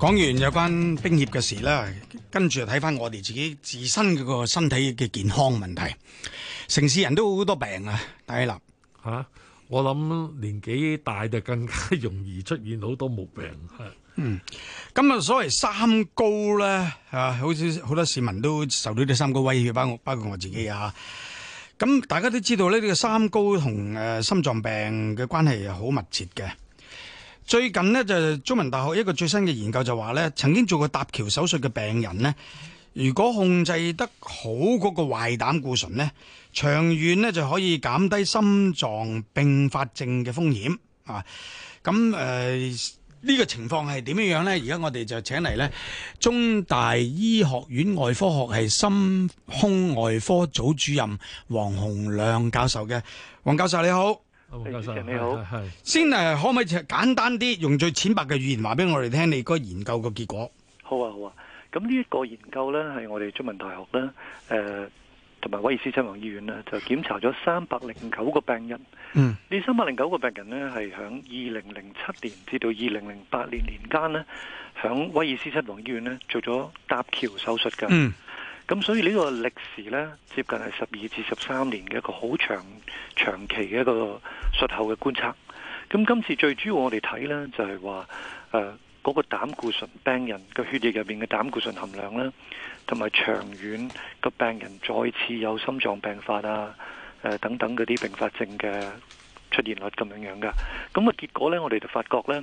講完有關兵役嘅事啦，跟住就睇翻我哋自己自身嘅個身體嘅健康問題。城市人都好多病啊，大立吓，我諗年紀大就更加容易出現好多毛病。嗯，今日所謂三高咧，啊，好似好多市民都受到啲三高威脅，包括包括我自己啊。咁大家都知道呢，呢個三高同誒、呃、心臟病嘅關係好密切嘅。最近呢就中文大學一個最新嘅研究就話呢，曾經做過搭橋手術嘅病人呢，如果控制得好嗰個壞膽固醇呢，長遠呢就可以減低心臟併發症嘅風險啊！咁誒呢個情況係點樣樣呢？而家我哋就請嚟呢，中大醫學院外科學系心胸外科組主任黃鴻亮教授嘅，黃教授你好。唔該晒，你好、嗯。先誒，可唔可以簡單啲用最淺白嘅語言話俾我哋聽你嗰個研究嘅結果？好啊，好啊。咁呢一個研究呢，係我哋中文大學呢，誒同埋威爾斯親王醫院呢，就檢查咗三百零九個病人。嗯，呢三百零九個病人呢，係喺二零零七年至到二零零八年年間呢，喺威爾斯親王醫院呢，做咗搭橋手術㗎。嗯。咁所以呢個歷時咧，接近係十二至十三年嘅一個好長長期嘅一個術後嘅觀察。咁今次最主要我哋睇咧，就係話誒嗰個膽固醇病人嘅血液入邊嘅膽固醇含量啦，同埋長遠個病人再次有心臟病發啊，誒等等嗰啲併發症嘅出現率咁樣樣噶。咁啊結果咧，我哋就發覺咧。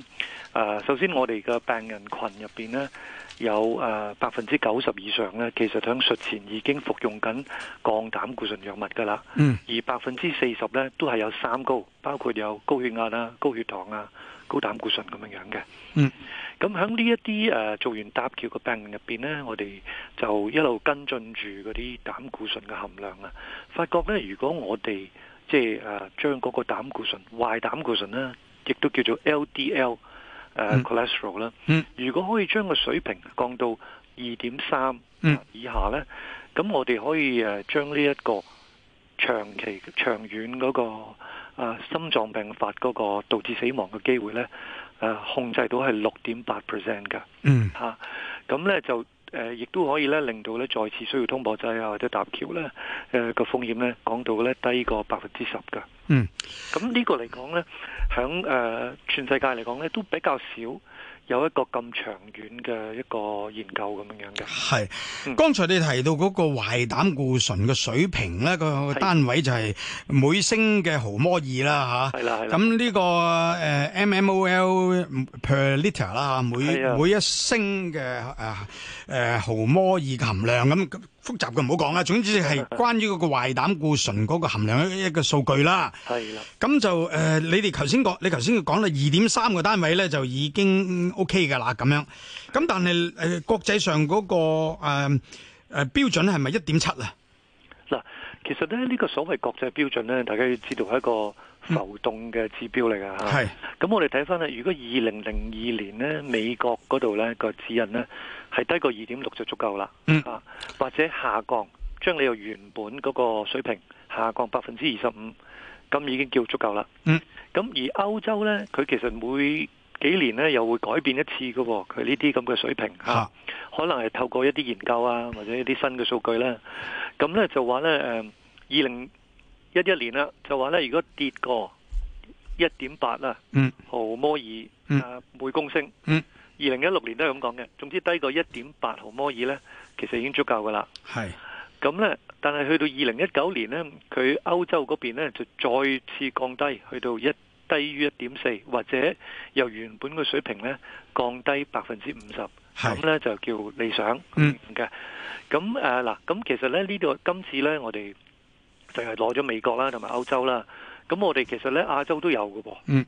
誒，uh, 首先我哋嘅病人群入邊呢，有誒百分之九十以上呢，其實響術前已經服用緊降膽固醇藥物噶啦。嗯、mm.。而百分之四十呢，都係有三高，包括有高血壓啊、高血糖啊、高膽固醇咁樣樣嘅。嗯、mm.。咁響呢一啲誒做完搭橋嘅病人入邊呢，我哋就一路跟進住嗰啲膽固醇嘅含量啊。發覺呢，如果我哋即係誒將嗰個膽固醇、壞膽固醇呢，亦都叫做 LDL。誒 cholesterol 啦，嗯嗯、如果可以將個水平降到二點三以下咧，咁、嗯、我哋可以將呢一個長期長遠嗰、嗰個、誒、心臟病發嗰個導致死亡嘅機會咧、誒，控制到係六點八 percent 㗎，嚇，咁咧、嗯啊、就。誒，亦都、呃、可以咧，令到咧再次需要通波仔啊，或者搭橋咧，誒個風險咧，講、呃、到咧低過百分之十㗎。的嗯，咁呢個嚟講咧，響誒、呃、全世界嚟講咧，都比較少。有一個咁長遠嘅一個研究咁樣嘅，係。剛才你提到嗰個壞膽固醇嘅水平咧，個單位就係每升嘅毫摩爾啦嚇。係啦，係啦。咁呢個誒 mmol per liter 啦，吓，每每一升嘅誒誒毫摩爾嘅含量咁。複雜嘅唔好講啦，總之係關於嗰個壞膽固醇嗰個含量一個數據啦。係，咁就誒，你哋頭先講，你頭先講到二點三個單位咧，就已經 OK 嘅啦。咁樣，咁但係誒，國際上嗰個誒誒標準係咪一點七啊？嗱，其實咧呢個所謂國際標準咧，大家要知道係一個浮動嘅指標嚟噶吓。係，咁我哋睇翻咧，如果二零零二年咧，美國嗰度咧個指引咧。係低過二點六就足夠啦，嗯、啊或者下降，將你由原本嗰個水平下降百分之二十五，咁已經叫足夠啦。嗯，咁而歐洲呢，佢其實每幾年呢又會改變一次噶，佢呢啲咁嘅水平吓，啊啊、可能係透過一啲研究啊，或者一啲新嘅數據呢，咁呢就話呢，誒二零一一年啦，就話呢，如果跌過一點八啦，嗯、毫摩爾、嗯啊、每公升。嗯嗯二零一六年都係咁講嘅，總之低過一點八毫摩爾呢，其實已經足夠噶啦。係，咁呢，但係去到二零一九年呢，佢歐洲嗰邊呢就再次降低，去到一低於一點四，或者由原本嘅水平呢降低百分之五十，咁呢就叫理想嘅。咁誒嗱，咁其實呢呢度今次呢，我哋就係攞咗美國啦，同埋歐洲啦。咁我哋其實呢亞洲都有㗎噃。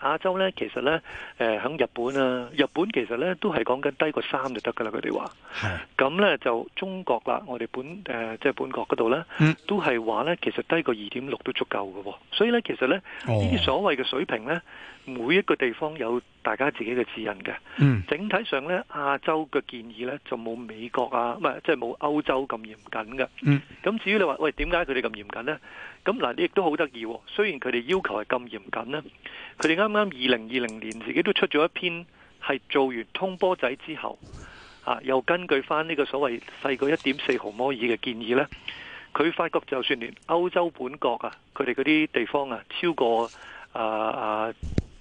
亞洲咧，其實咧，誒、呃、響日本啊，日本其實咧都係講緊低過三就得噶啦，佢哋話。係、嗯。咁咧就中國啦，我哋本，誒即係本國嗰度咧，都係話咧，其實低過二點六都足夠嘅喎、哦。所以咧，其實咧，呢啲所謂嘅水平咧，每一個地方有大家自己嘅指引嘅。嗯。整體上咧，亞洲嘅建議咧就冇美國啊，唔係即係冇歐洲咁嚴謹嘅。嗯。咁至於你話，喂，點解佢哋咁嚴謹咧？咁嗱，你亦都好得意。雖然佢哋要求係咁嚴謹呢，佢哋啱啱二零二零年自己都出咗一篇，係做完通波仔之後，啊，又根據翻呢個所謂細過一點四毫摩爾嘅建議呢。佢發覺就算連歐洲本國啊，佢哋嗰啲地方啊，超過啊啊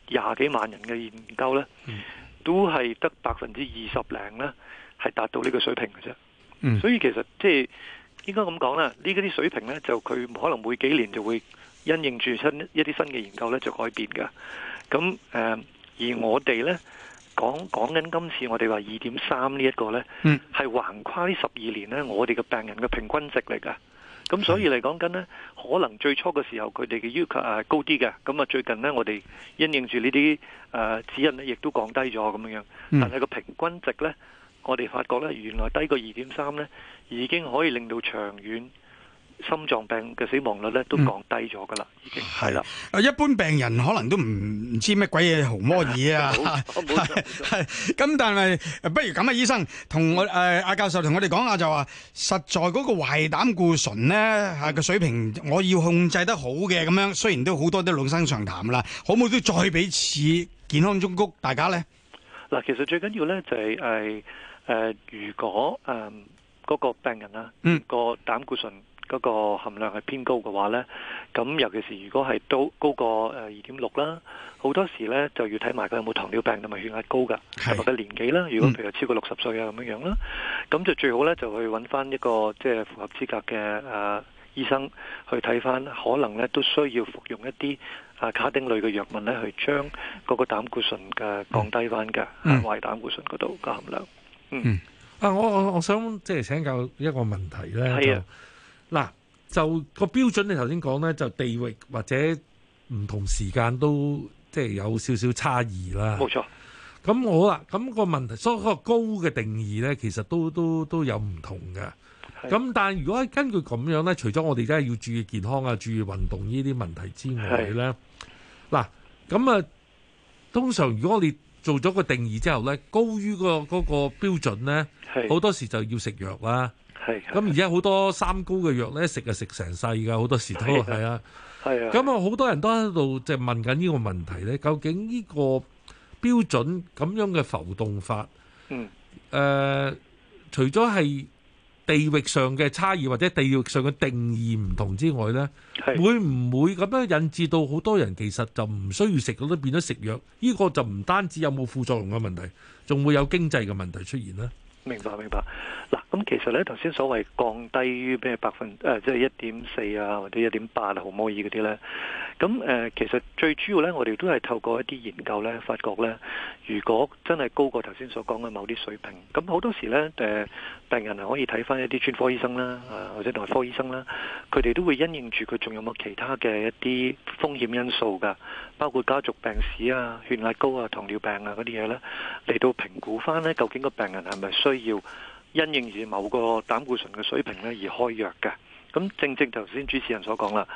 廿幾萬人嘅研究呢，都係得百分之二十零呢，係達到呢個水平嘅啫。所以其實即係。應該咁講啦，呢啲水平呢，就佢可能每幾年就會因應住新一啲新嘅研究呢，就改變嘅。咁、嗯、誒而我哋呢，講講緊今次我哋話二點三呢一個呢，係、嗯、橫跨呢十二年呢，我哋嘅病人嘅平均值嚟㗎。咁所以嚟講緊呢，嗯、可能最初嘅時候佢哋嘅要求係高啲嘅，咁、嗯、啊最近呢，我哋因應住呢啲誒指引呢，亦都降低咗咁樣，但係個平均值呢，我哋發覺呢，原來低過二點三呢。已經可以令到長遠心臟病嘅死亡率咧都降低咗噶啦，嗯、已經係啦。誒，一般病人可能都唔唔知乜鬼嘢，紅魔耳啊，咁 但係不如咁啊，醫生同我誒阿教授同我哋講下就話，實在嗰個壞膽固醇咧個、嗯、水平我要控制得好嘅，咁樣，雖然都好多都老生常談啦，可唔可以都再俾次健康忠告大家咧？嗱，其實最緊要咧就係誒誒，如果嗯。呃嗰個病人啦、啊，個、嗯、膽固醇嗰個含量係偏高嘅話呢，咁尤其是如果係都高過誒二點六啦，好多時呢就要睇埋佢有冇糖尿病同埋血壓高噶，或者是年紀啦。如果譬如超過六十歲啊咁、嗯、樣樣啦，咁就最好呢就去揾翻一個即係、就是、符合資格嘅誒、啊、醫生去睇翻，可能呢都需要服用一啲啊卡丁類嘅藥物呢，去將嗰個膽固醇嘅降低翻嘅、嗯、壞膽固醇嗰度個含量。嗯。嗯。啊！我我我想即係請教一個問題咧，嗱就個的標準你頭先講咧，就地域或者唔同時間都即係有少少差異啦。冇錯。咁好啦，咁、咁個問題，所謂個高嘅定義咧，其實都都都有唔同嘅。咁的但係如果係根據咁樣咧，除咗我哋而家要注意健康啊、注意運動呢啲問題之外咧，嗱咁啊，通常如果你做咗個定義之後呢，高於嗰個嗰個標準呢，好多時就要食藥啦。咁而家好多三高嘅藥呢，食就食成世㗎，好多時都係啊。咁啊，好多人都喺度即係問緊呢個問題呢，究竟呢個標準咁樣嘅浮動法，嗯，呃，除咗係地域上嘅差異或者地域上嘅定義唔同之外呢，的會唔會咁樣引致到好多人其實就唔需要食咁多，變咗食藥？呢個就唔單止有冇副作用嘅問題，仲會有經濟嘅問題出現呢。明白明白。嗱，咁、啊、其實咧，頭先所謂降低於咩百分誒，即係一點四啊，或者一點八毫摩爾嗰啲呢。咁誒、呃、其實最主要呢，我哋都係透過一啲研究呢，發覺呢，如果真係高過頭先所講嘅某啲水平，咁好多時呢，誒、呃、病人係可以睇翻一啲專科醫生啦，或者內科醫生啦，佢哋都會因應住佢仲有冇其他嘅一啲風險因素㗎。包括家族病史啊、血壓高啊、糖尿病啊嗰啲嘢呢，嚟到評估翻呢，究竟個病人係咪需要因應住某個膽固醇嘅水平呢而開藥嘅？咁正正頭先主持人所講啦。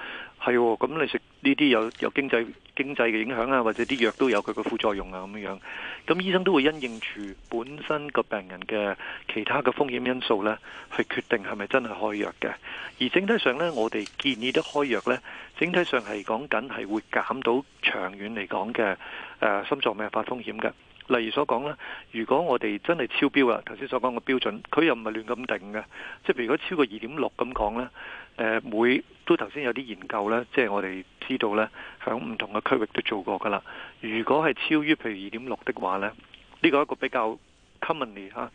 係，咁你食呢啲有有經濟經濟嘅影響啊，或者啲藥都有佢個副作用啊，咁樣，咁醫生都會因應住本身個病人嘅其他嘅風險因素呢，去決定係咪真係開藥嘅。而整體上呢，我哋建議得開藥呢，整體上係講緊係會減到長遠嚟講嘅誒心臟病發風險嘅。例如所講咧，如果我哋真係超標啊，頭先所講個標準，佢又唔係亂咁定嘅，即係如果超過二點六咁講咧，誒、呃、每。都頭先有啲研究呢，即係我哋知道呢，響唔同嘅區域都做過噶啦。如果係超於譬如二點六的話呢，呢個一個比較 commonly 嚇，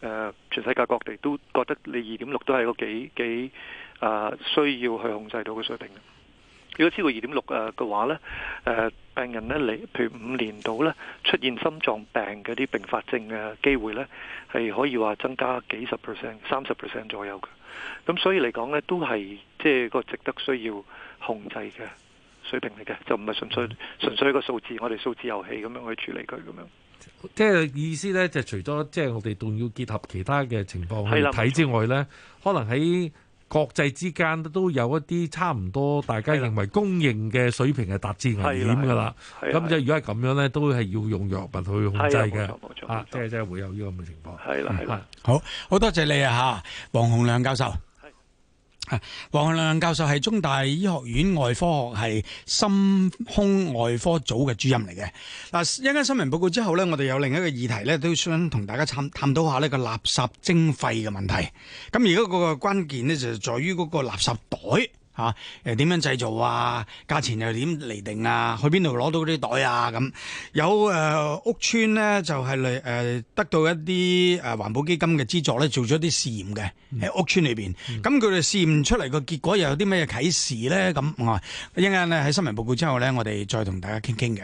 誒全世界各地都覺得你二點六都係個幾幾啊需要去控制到嘅水平。如果超過二點六誒嘅話咧，誒病人咧嚟，譬如五年度咧出現心臟病嗰啲併發症嘅機會咧，係可以話增加幾十 percent、三十 percent 左右嘅。咁所以嚟講咧，都係即係個值得需要控制嘅水平嚟嘅，就唔係純粹純粹一個數字，我哋數字遊戲咁樣去處理佢咁樣。即係意思咧，就除咗即係我哋仲要結合其他嘅情況去睇之外咧，可能喺～國際之間都有一啲差唔多，大家認為公認嘅水平係達至危險噶啦。咁即係如果係咁樣咧，都係要用藥物去控制嘅。冇錯啊，錯即係即係會有呢個咁嘅情況。係啦，係啦。嗯、好好多謝你啊，哈，黃鴻亮教授。啊，黃鴻亮教授係中大醫學院外科學系心胸外科組嘅主任嚟嘅。嗱，一陣新聞報告之後呢，我哋有另一個議題呢，都想同大家探探討下呢個垃圾徵費嘅問題。咁而家個關鍵呢，就在於嗰個垃圾袋。吓，誒點、啊呃、樣製造啊？價錢又點釐定啊？去邊度攞到啲袋啊？咁有誒、呃、屋村咧，就係嚟誒得到一啲誒環保基金嘅資助咧，做咗啲試驗嘅喺屋村裏邊。咁佢哋試驗出嚟個結果又有啲咩啟示咧？咁啊，一陣間咧喺新聞報告之後咧，我哋再同大家傾傾嘅。